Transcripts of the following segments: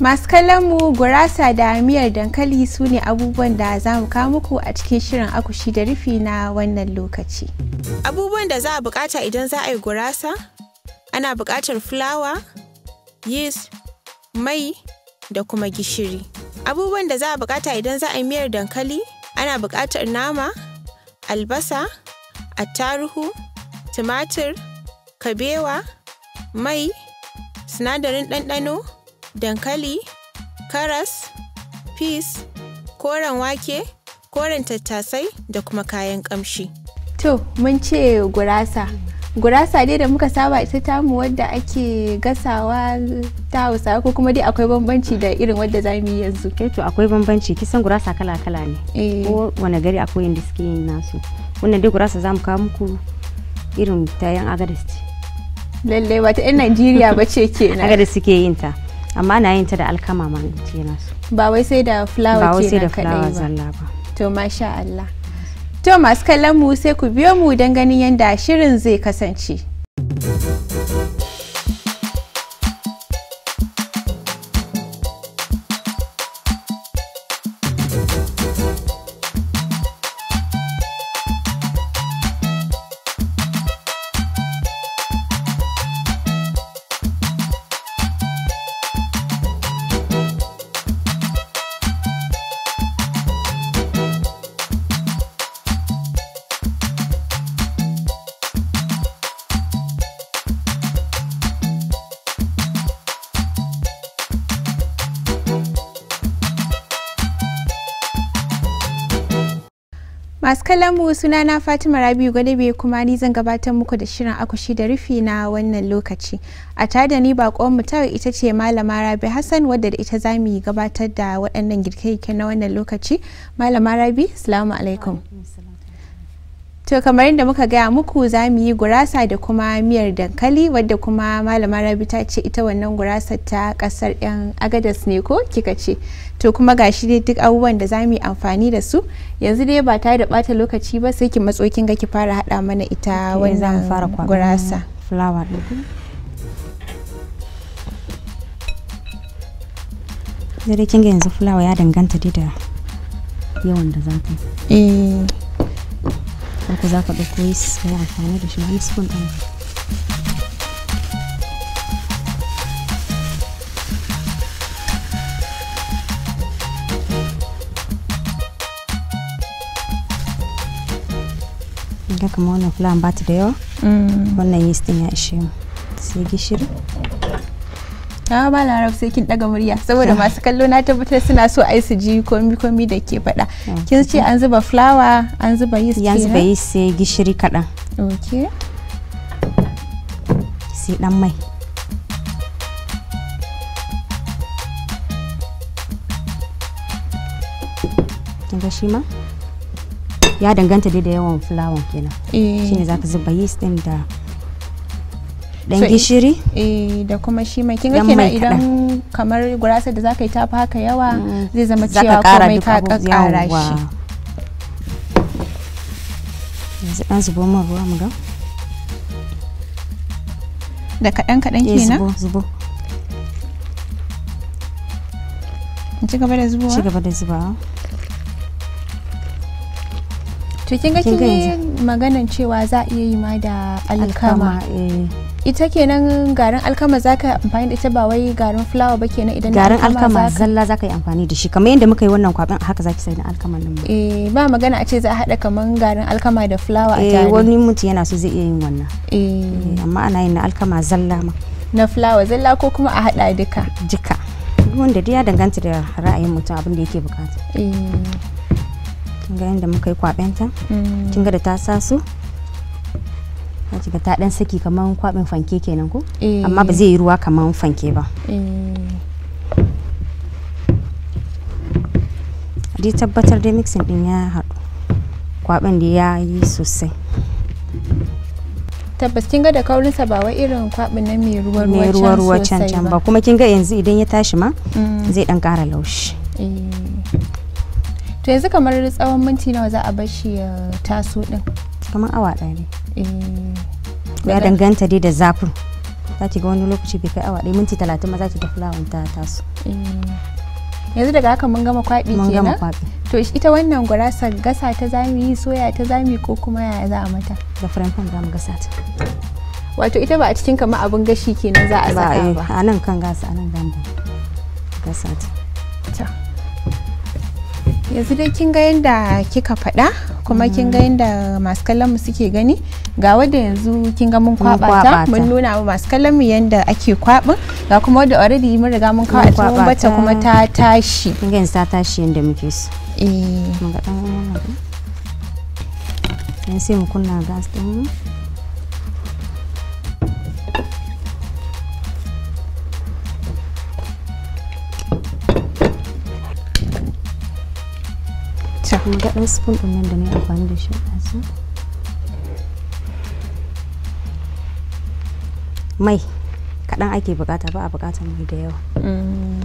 masu kallon mu gurasa da miyar dankali su ne abubuwan da za mu kawo muku a cikin shirin akushi da rufi na wannan lokaci abubuwan da za a bukata idan za a yi gurasa ana bukatar fulawa yeast mai da kuma gishiri abubuwan da za a bukata idan za a yi miyar dankali ana bukatar nama albasa attaruhu tumatir kabewa, mai, sinadarin ɗanɗano, dankali, karas, peas, koren wake, koren tattasai da kuma kayan ƙamshi. To, mun ce gurasa. Gurasa dai da muka saba ita tamu wadda ake gasawa ta hausa ko kuma dai akwai bambanci da irin wadda za mu yi yanzu. Kai eh to akwai bambanci kisan gurasa kala-kala ne. Eh. Ko wani gari akwai yadda suke yin nasu. Wannan dai gurasa za mu kawo muku irin ta yan agadis ce. lalle wata 'yan najeriya ba ce kenan na da suke yin ta amma na yin ta da alkama ma ce nasu ba wai sai da fulawa kenan kadai ba to masha Allah to masu kallon mu sai ku biyo mu don ganin yadda shirin zai kasance masu mu suna na fatima rabiu gwadabe kuma ni zan gabatar muku da shirin akushi da rufi na wannan lokaci a tare da ni bakon mu tawa ita ce malama rabi hassan wadda da ita za mu gabatar da waɗannan girke-girke na wannan lokaci malama rabi salamu alaikum to kamar yadda muka gaya muku za mu yi gurasa da kuma miyar dankali wadda kuma malama rabi ta ce ita wannan gurasa ta kasar yan agadas ne ko kika ce to kuma gashi dai duk abubuwan da za mu yi amfani da su yanzu dai ba tare da bata lokaci ba sai ki matso kin ga ki fara hada mana ita wannan gurasa flower din yanzu flower ya danganta yawan da marka za ka ɗauko yeast ka yi amfani da shi wani spoon ɗin ga kamar wannan fulawan ba ta mm. da yawa wannan yeast ɗin ya ishe mu sai gishiri Ah, ba larab sai kin daga murya saboda masu kallo na tabbatar suna so ai su ji komi komi da ke faɗa kin ce an zuba fulawa an zuba yeast kenan zuba yeast sai gishiri kaɗan okay sai dan mai ga shi ma ya danganta dai da yawan fulawan kenan eh. shine zaka zuba yeast din da dan gishiri eh da kuma shi mai kinga kenan idan kamar gurasar da zaka yi tafi haka yawa mm. zai zama cewa komai ka kakkara shi yanzu dan zubo min ruwa mu ga da kadan kadan eh, kenan zubo zubo ci gaba da zubowa ci gaba da zubawa to kin ga kin maganan cewa za a iya yi ma da alkama eh ita kenan garin alkama za ka amfani da ita ba wai garin fulawa ba kenan idan garin alkama zalla ka yi amfani da shi kamar yadda muka yi wannan kwabin haka za ki sai na alkama nan eh ba magana a ce za a hada kamar garin alkama da fulawa a tare eh wani mutum yana so zai iya yin wannan eh. eh amma ana yin na alkama zalla ma na fulawa zalla ko kuma a hada duka duka wanda dai ya danganta da ra'ayin mutum abin da yake bukata eh kin ga yadda muka yi kwaben ta mm. kin ga da ta sa su ga ta dan saki kaman kwabin fanke kenan ko eh. amma ba zai yi ruwa kamar fanke ba eh. dai tabbatar da mixing din ya haɗu kwabin da ya yi sosai tabbas kin ga da kaurinsa ba wai irin kwabin na mai ruwa ruwa ruwa ruwa can can ba kuma kin ga yanzu idan ya tashi ma mm. zai dan ƙara laushi eh. to yanzu kamar tsawon minti nawa za a bar shi ya taso din kamar awa ɗaya ne Eh, ya danganta dai da zafin za ki ga wani lokaci bai kai awa ɗaya minti talatin ma za ki ga fulawan ta taso eh, yanzu daga haka mun gama kwaɓi kenan mun gama kwaɓi to ita wannan gurasa gasa ta zamu yi soya ta zami ko kuma yaya za a mata da frying pan zamu gasa ta wato ita ba a cikin kamar abin gashi kenan za a saka eh, ba a nan kan gasa a nan gamba gasa ta yanzu dai kin ga yadda kika faɗa kuma kin ga yadda masu kallon mu suke gani ga wadda yanzu kin ga mun kwabata mun nuna wa masu kallon mu yadda ake kwabin ga kuma wadda already mun riga mun kawo a cikin bata kuma ta tashi kin ga ta tashi yadda muke so eh mun ga dan sai mu kunna gas din kuma ga spoon ɗin nan da na yi amfani da shi ɗazu mai kaɗan ake bukata ba a bukatar mai da yawa mm.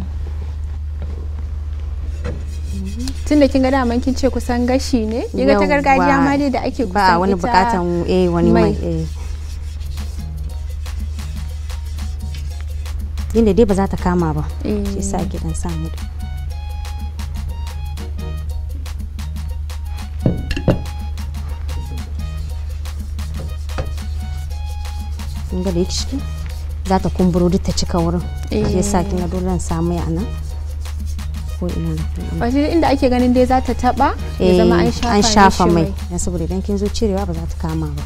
tun da kin ga daman kin ce kusan gashi ne ga ta gargajiya ma dai da ake kusan ba wani bukatan eh wani mai eh yadda dai ba za ta kama ba eh. shi sa ake dan samu da kin ga da ciki za ta kumburo duk ta cika wurin eh. shi sa kin ga dole samu ya nan ko ina na wato inda ake ganin dai za ta taba ya eh, zama an shafa mai ya saboda idan kin zo cirewa ba za ta kama ba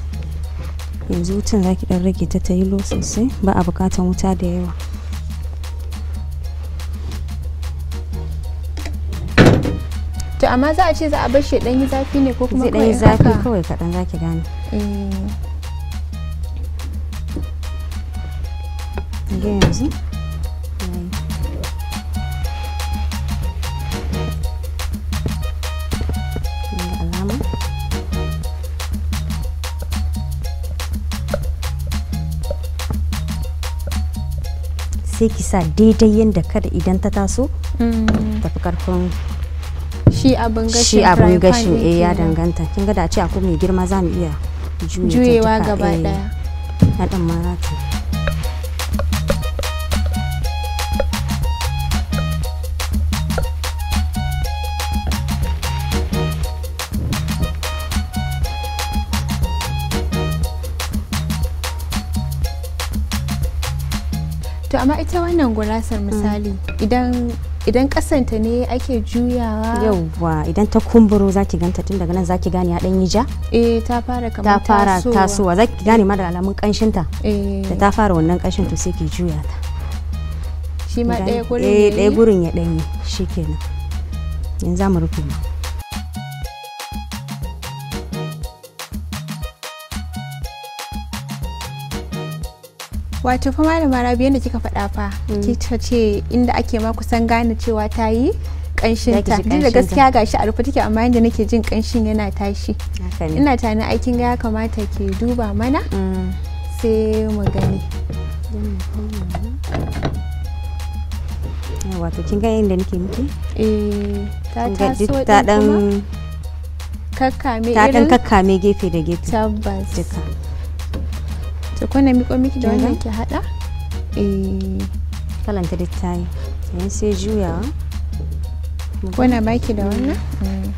yanzu wutan zaki dan rage ta ta yi sosai ba a bukatan wuta da yawa to amma za a ce za a bar shi dan yi zafi ne ko kuma kawai zafi kawai kaɗan zaki gane eh. ga sai ki sa daidai yadda kada idan ta taso hmm. tafi karfin shi abin gashin shi abin eh ya danganta kin ga da ce akwai mai girma za mu iya juyewa gaba daya eh. na dan maratu to amma ita wannan gurasar mm. misali idan idan kasanta ne ake juyawa yauwa idan ta kumburo zaki ganta tun daga nan zaki gane ya yi ja eh ta fara kamar ta fara tasowa zaki gane ma da alamun kanshin ta eh. da ta fara wannan kanshin to sai ki juya ta shi ma eh, ɗaya gurin ya ɗanyi shikenan yanzu za mu rufe wato fa malama rabi yadda kika faɗa fa mm. kika ce inda ake ma kusan gane cewa ta yi kanshin ta duk da gaskiya gashi a rufe take amma yadda nake jin kanshin yana tashi ina tana aikin ga ya kamata ke duba mana mm. sai mu gani wato kin ga yadda nake miki eh ta taso ta dan kakkame irin ta dan kakkame gefe da gefe tabbas duka to ko na miƙo miki da wannan ki haɗa eh kalan ta dai sai juyawa ko baki da wannan eh.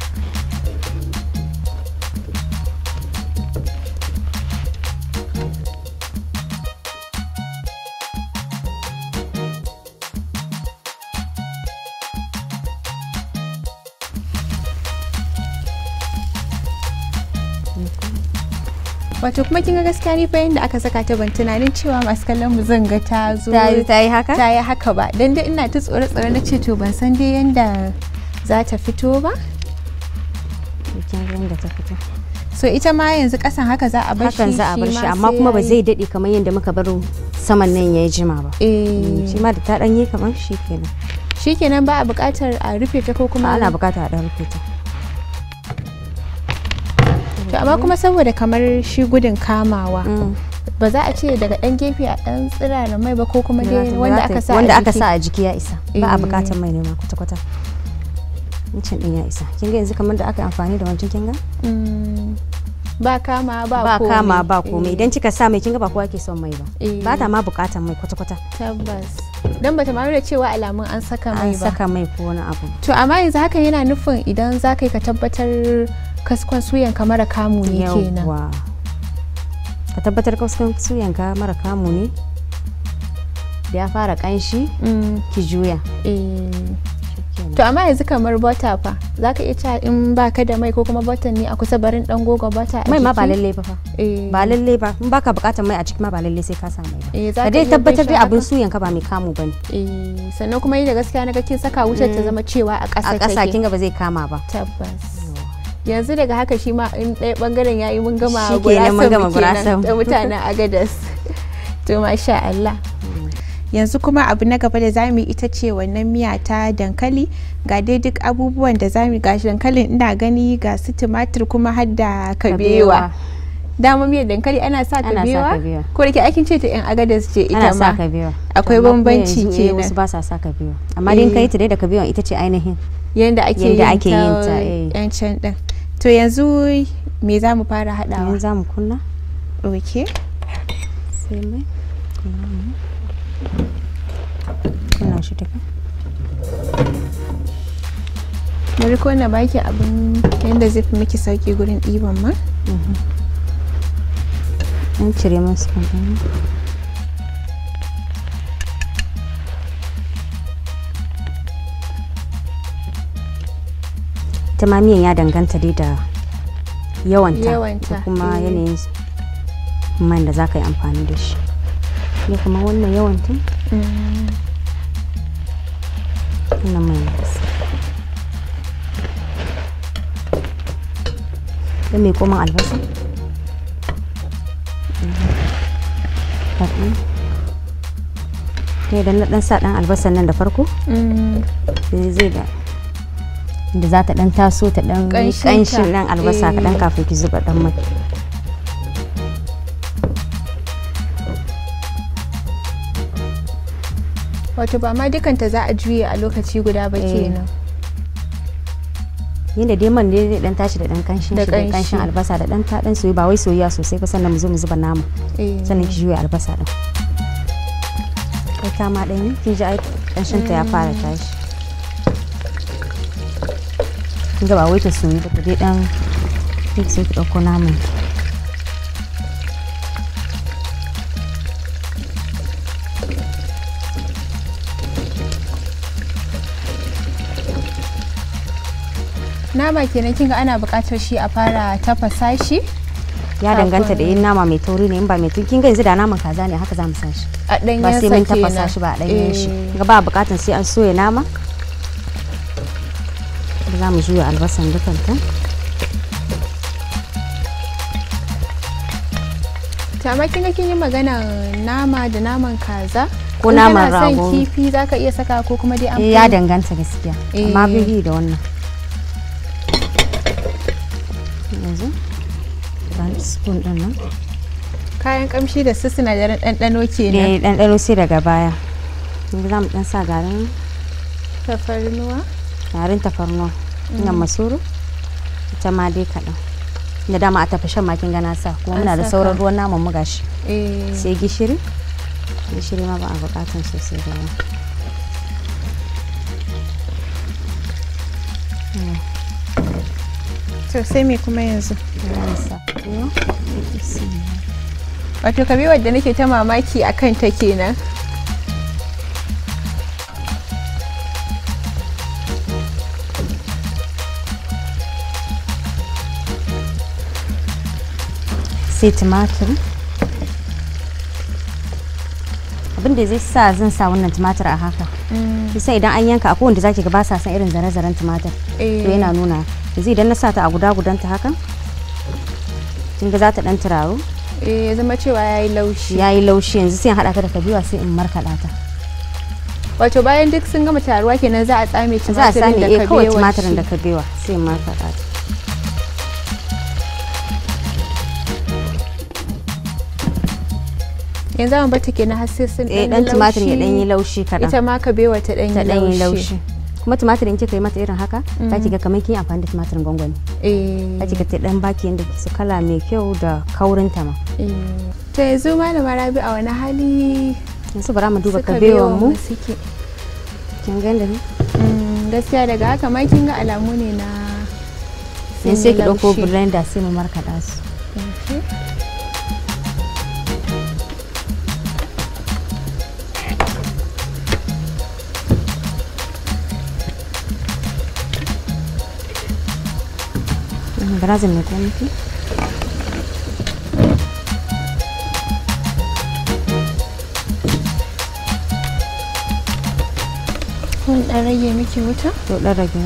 wato kuma kin ga gaskiya ni fa yanda aka saka ta ban tunanin cewa masu kallon mu zan ga ta zo ta yi haka ta yi haka ba dan dai ina ta tsore tsore na ce to ban san dai yanda za ta fito ba kin ta fito so ita ma yanzu kasan haka za a bar shi za a bar shi amma kuma ba zai dade kamar yadda muka bar saman nan yayi jima ba eh shi ma da ta danye kamar shi kenan shi kenan ba a bukatar a rufe ta ko kuma ana bukatar a dan rufe ta to amma kuma saboda kamar shi gudun kamawa mm. ba za a ce daga ɗan gefe a ɗan tsira da mai ba ko kuma dai wanda aka sa wanda aka sa a jiki ya isa ba a eh. bukatar mai nema kwata kwata wancan din ya isa kin ga yanzu kamar da aka amfani da wancan kin ga mm. ba kama ba ba kama ba eh. komai idan kika sa mai kinga ba kowa ke son mai ba eh. ba ta ma bukatar mai kwata kwata tabbas dan ta ma da cewa alamun an saka mai ba an saka mai ko wani abu to amma yanzu hakan yana nufin idan za ka yi ka tabbatar kaskon ka mara kamu ne kenan tabbatar kaskon suyan ka mara kamu ne da ya fara kanshi mm. ki juya eh. to amma yanzu kamar bota fa za ka iya cewa in ba ka da mai ko kuma bota ne a kusa barin dan gogo bota a mai ma ba lalle ba fa eh. ba lalle ba in baka bukatar mai a ciki ma ba lalle sai ka sa mai ba eh, ka dai tabbatar dai abin suyan ka ba mai kamu bane ne. sannan kuma yi da gaskiya na ga kin saka wutar ta mm. zama cewa a ƙasa take a ƙasa kin ga ba zai kama ba tabbas yanzu daga haka shi ma in ɗaya bangaren ya yi mun gama gurasa da mutanen agadas to masha Allah yanzu kuma abu na gaba da zamu ita ce wannan miya ta dankali ga dai duk abubuwan da zamu ga dankalin ina gani ga su tumatir kuma har da kabewa dama miyar dankali ana sa kabewa ko da ke aikin ce ta yan agadas ce ita ma akwai bambanci eh, kenan wasu ba sa sa kabewa amma din kai eh. ta dai da kabewa ita ce ainihin yanda ake yin ta yan eh. can din to yanzu me za mu fara haɗawa za mu kunna ok sai mai kunna shi tafi bari ko na baki abin yadda zai fi miki sauki gurin ɗiban ma mhm. an cire masu kankanin ita ma miyan ya danganta dai da yawanta da kuma mm. yanayin man da za ka yi amfani da shi ne kuma wannan yawanta mm. wannan mai albasa mai koma albasa ne mm. da na dan sa dan albasa nan da farko zai da da za ta dan taso ta dan kanshin dan albasa eh. kaɗan kafin ki zuba dan mai wato ba ma ta za a juya a lokaci guda ba eh. kenan yadda dai man ne dan tashi da dan kanshin da kanshin albasa da dan ta dan soyi ba wai soyayya sosai ba sannan mu zo mu zuba nama eh. sannan ki juye albasa din ita ma dan kin ji ai kanshin ta ya fara mm. tashi kinga ba wai ta soyu ba ta dai dan sai ki ko namu nama kenan kinga ana buƙatar shi a fara tafasa shi ya danganta da yin nama mai tauri ne in ba mai kin kinga yanzu da naman kaza ne haka za mu san shi a ɗanyen ba sai mun tafasa shi ba a ɗanyen shi ga ba buƙatar sai an soya nama za mu juya albasan dukanta ta kin ga kin yi magana nama da naman kaza ko naman rago son kifi zaka iya saka ko kuma dai amfani. Eh, ya danganta gaskiya amma eh. bi da wannan yanzu spoon din nan kayan kamshi da su sinadarin ɗanɗano ke nan eh ɗanɗano sai daga baya yanzu za mu ɗan sa garin tafarnuwa garin tafarnuwa ina masoro ita ma dai kaɗan da dama a tafi shan makin gana sa kuma muna da sauran ruwan naman mu gashi eh. sai gishiri gishiri ma ba a buƙatan sosai da yawa to sai me kuma yanzu wato kabi da nake ta mamaki akan ta kenan sai tumatir abin da zai sa zan sa wannan tumatir a haka mm. sai idan an yanka akwai wanda zaki ga ba sa san irin zare-zaren tumatir to eh. yana nuna yanzu idan na sa ta a guda gudanta hakan kin ga za ta dan turaru eh zama cewa yayi laushi yayi laushi yanzu sai in hada ta da kabewa sai in markada ta wato bayan duk sun gama taruwa kenan za a tsame tumatirin da kabewa za a tsame eh kawai tumatirin da kabewa sai in markada ta yanzu an bata ke har sai sun dan eh, dan tumatir ya dan yi laushi kada ita ma ka bewa ta dan yi laushi kuma tumatirin kika yi mata irin haka ta ki mm. kamar kin amfani da tumatirin gwangwani eh ta ki ta dan baki yanda su kala mai kyau da kaurin ta ma eh to yanzu malama Rabi a wani hali yanzu bara mu duba kabewan mu kin ga ne mm, gaskiya daga haka ma kin ga alamu ne na sai ki dauko blender sai mu markaɗa su Grazie mille. Kun ɗan rage miki wuta? To ɗan rage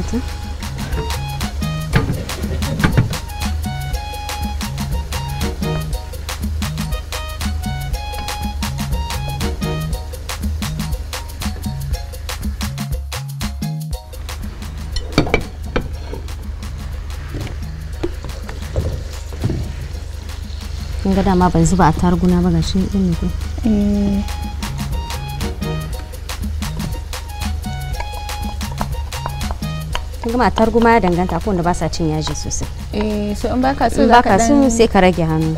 da dama ban zuba a targuna ba gashi din ne ko eh. kun gama targuma ya danganta ko wanda ba sa cin yaji sosai eh so in baka so ka dan sai ka rage hannu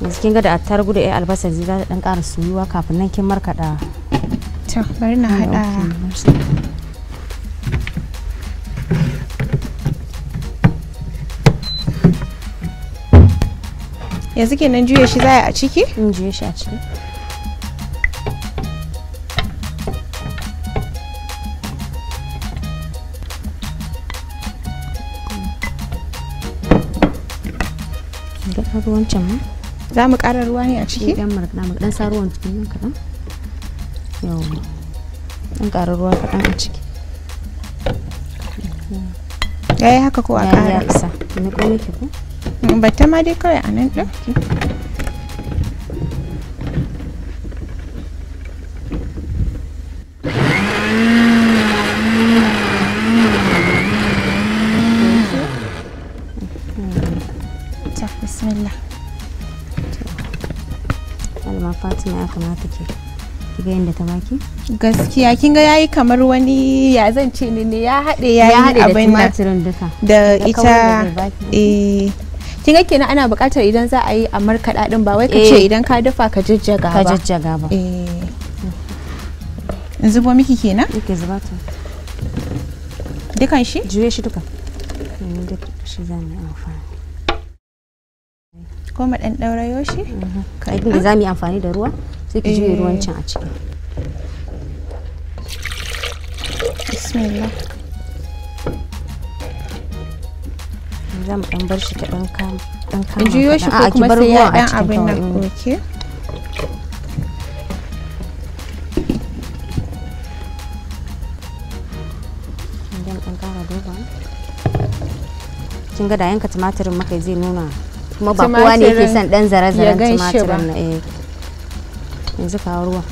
yanzu kin ga da attar gudu ya albasa zai dan ƙara suyuwa kafin nan kin markaɗa to bari na eh, hada yanzu kenan juya shi za a ciki? in juya shi a ciki ruwan can ma za mu ƙara ruwa ne a ciki? dan marka na dan sa ruwan cikin nan kaɗan yau ɗan ƙara ruwa kaɗan a ciki ya yi haka ko a ƙara ya isa ni ko miki ko bata ma dai kawai a nan ɗauki bismillah ya ta gaskiya kin ga yayi kamar wani ya zan ce ne ya haɗe yi abin nan da ita eh kin ga kenan ana buƙatar idan za a yi a markaɗa din ba wai ka ce eh. idan ka dafa ka jajjaga ba ka jajjaga ba eh. in zubo miki kenan yake zuba ta dukan shi juye shi duka mu yi amfani da ruwa sai ki juye eh. a ciki bismillah za mu dan bar shi ta dan kama dan kama juyo shi ko kuma sai ya dan abin nan oke kin ga da yanka tumatirin muka zai nuna kuma ba kowa ne yake son dan zare-zaren tumatirin na eh yanzu kawo ruwa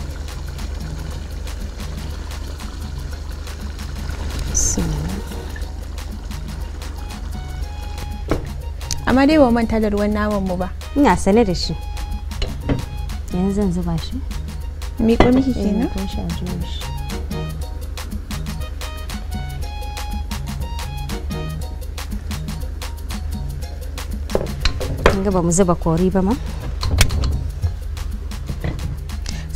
amma dai ba manta da ruwan naman mu ba ina sane da shi yanzu zan zuba shi mi ko miki eh, kenan ko shi shi a ga ba mu zuba kori ba ma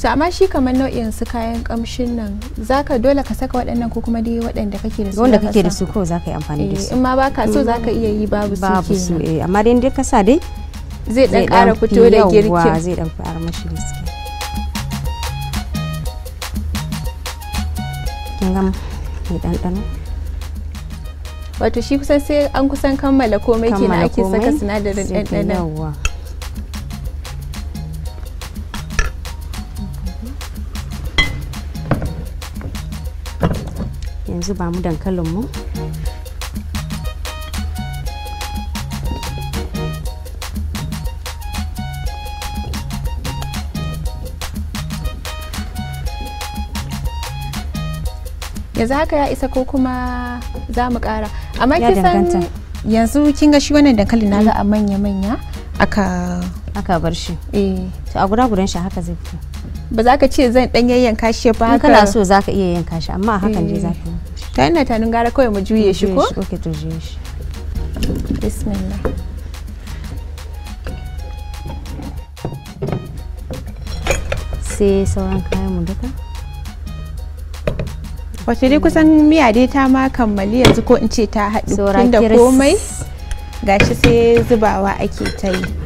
to amma shi kamar nau'in su kayan kamshin nan zaka dole ka saka waɗannan ko kuma dai waɗanda kake da su wanda kake da su ko zaka yi amfani da su eh, in ma baka so zaka iya yi babu su babu su eh amma dai dai ka sa dai zai dan ƙara fito da girkin zai dan ƙara mashi gaske kin ga mai ɗanɗano wato shi kusan sai an kusan kammala komai kenan ake saka sinadarin ɗanɗano in zuba mu dankalin mu yanzu haka ya isa ko kuma za mu kara amma kisan yanzu kin ga shi wannan dankalin na za a manya manya aka aka bar shi eh to a guda gudan shi haka zai fito ba za ka ce zan dan yayyanka shi ba ka kana so za ka iya yanka shi amma a hakan dai za ka ta ina tanin gara kawai mu juye shi ko ok to juye shi bismillah sai sauran kayan mu duka wace dai kusan miya dai ta ma kammali yanzu ko in ce ta haɗu tunda komai gashi sai zubawa ake ta yi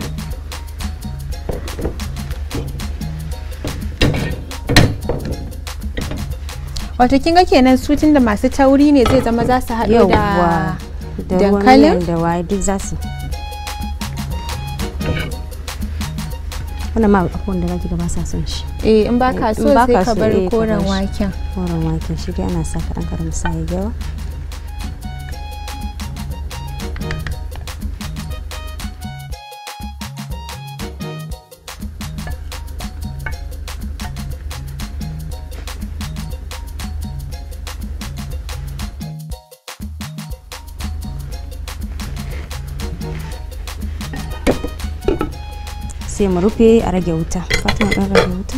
wato kin ga kenan su da masu tauri ne zai zama za su haɗu da dankalin da waye duk za su wannan ma akwai wanda zaki gaba sa son shi eh in ba ka eh, so sai eh, ka bar koren waken koren waken shi dai ana sa kaɗan kaɗan sai yawa sai mu rufe a rage wuta fatima dan rage wuta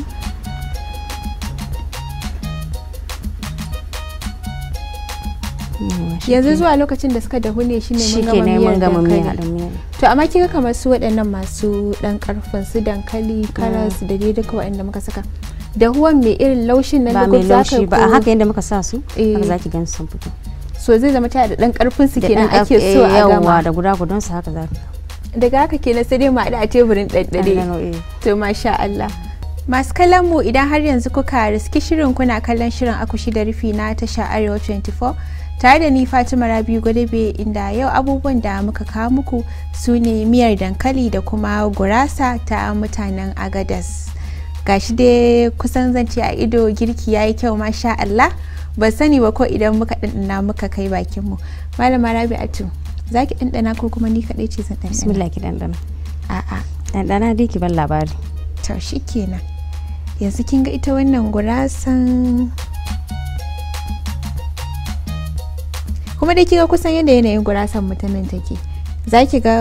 yanzu zuwa lokacin da suka dahu ne shine mun gama miyar dankali to amma kika kamar su waɗannan masu ɗan karfin su dankali karas mm. da dai duka waɗanda muka saka dahuwan mai irin laushin nan da ba mai laushi ba a haka yadda muka sa su haka eh. ki gan sun fito so zai zama ta da ɗan karfin su kenan ake so a eh, gama da guda gudun su haka zaki daga haka kenan sai dai mu haɗu a teburin ɗanɗare eh. to masha Allah masu kallon mu idan har yanzu kuka riski shirin kuna kallon shirin akushi da rufi na tasha arewa 24 tare da ni fatima rabi gwadabe inda yau abubuwan da muka kawo muku su ne miyar dankali da kuma gurasa ta mutanen agadas gashi dai kusan zance a ido girki ya yi kyau masha allah ba sani ba ko idan muka ɗanɗana muka kai bakinmu malama rabi'atu za ki ɗanɗana ko kuma ni kaɗai ce zan ɗanɗana bismillah ki ɗanɗana a'a ɗanɗana dai ki ban labari to shikenan yanzu kin ga ita wannan gurasan kuma dai kiga kusan yadda yanayin gurasan mutumin take za ki ga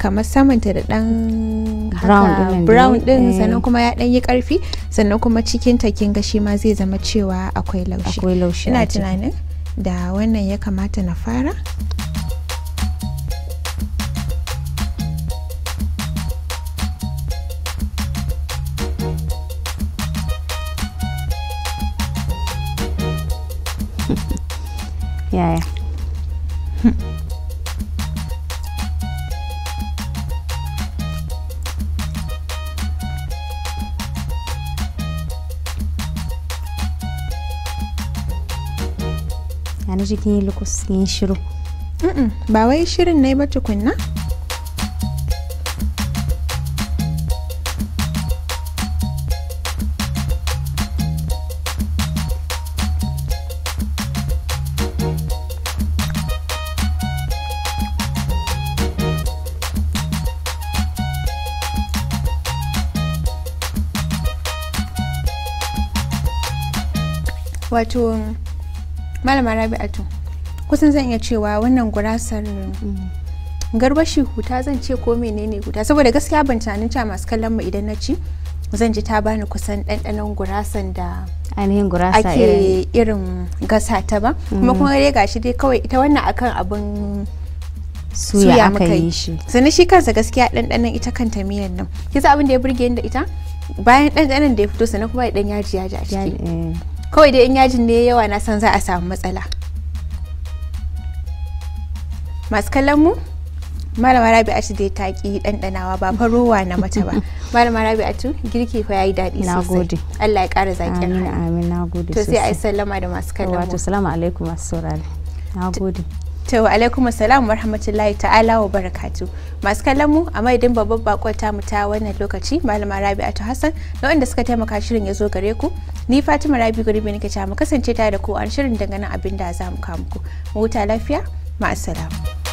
kamar samanta da dan brown din eh. sannan kuma ya dan yi karfi sannan kuma cikin ta kin ga shi ma zai zama cewa akwai laushi ina tunanin da wannan ya kamata na fara Yaya. Ya na jikin yi lukus yin shiru. ba wai shirin ne ba tukunna? wato malama rabi'atu kusan zan iya cewa wannan gurasar mm. garbashi huta zan ce ko menene huta saboda gaskiya ban tunanin cewa masu kallon mu idan na ci zan ji ta bani kusan ɗanɗanon gurasan da ainihin gurasa ake irin gasa ta ba mm. kuma kuma dai gashi dai kawai ita wannan akan abin suya maka yi shi sannan shi kansa gaskiya ɗanɗanon ita kanta miyan nan kisa abin da ya burge ni da ita bayan ɗanɗanon da ya fito sannan kuma ya ɗan yaji yaji a ciki eh. kawai dai in yajin ne yawa na san za a samu matsala masu kallon mu malama rabi'atu dai ta ki ɗanɗanawa ba farowa na mata ba malama rabi'atu girki fa yayi daɗi sosai Allah ya ƙara zaƙin amin amin nagode to sai yi sallama da masu kallon wato salamu alaikum masu saurare nagode to alaikum assalam rahmatullahi ta'ala wa barakatu masu kallon mu a madadin babban bakwata mu ta wannan lokaci malama rabi'atu hassan da wanda suka taimaka shirin ya zo gare ku ni fatima rabi gurbi nake cewa mu kasance tare da ku an shirin dangane abin da za mu kawo muku mu huta lafiya ma'asalamu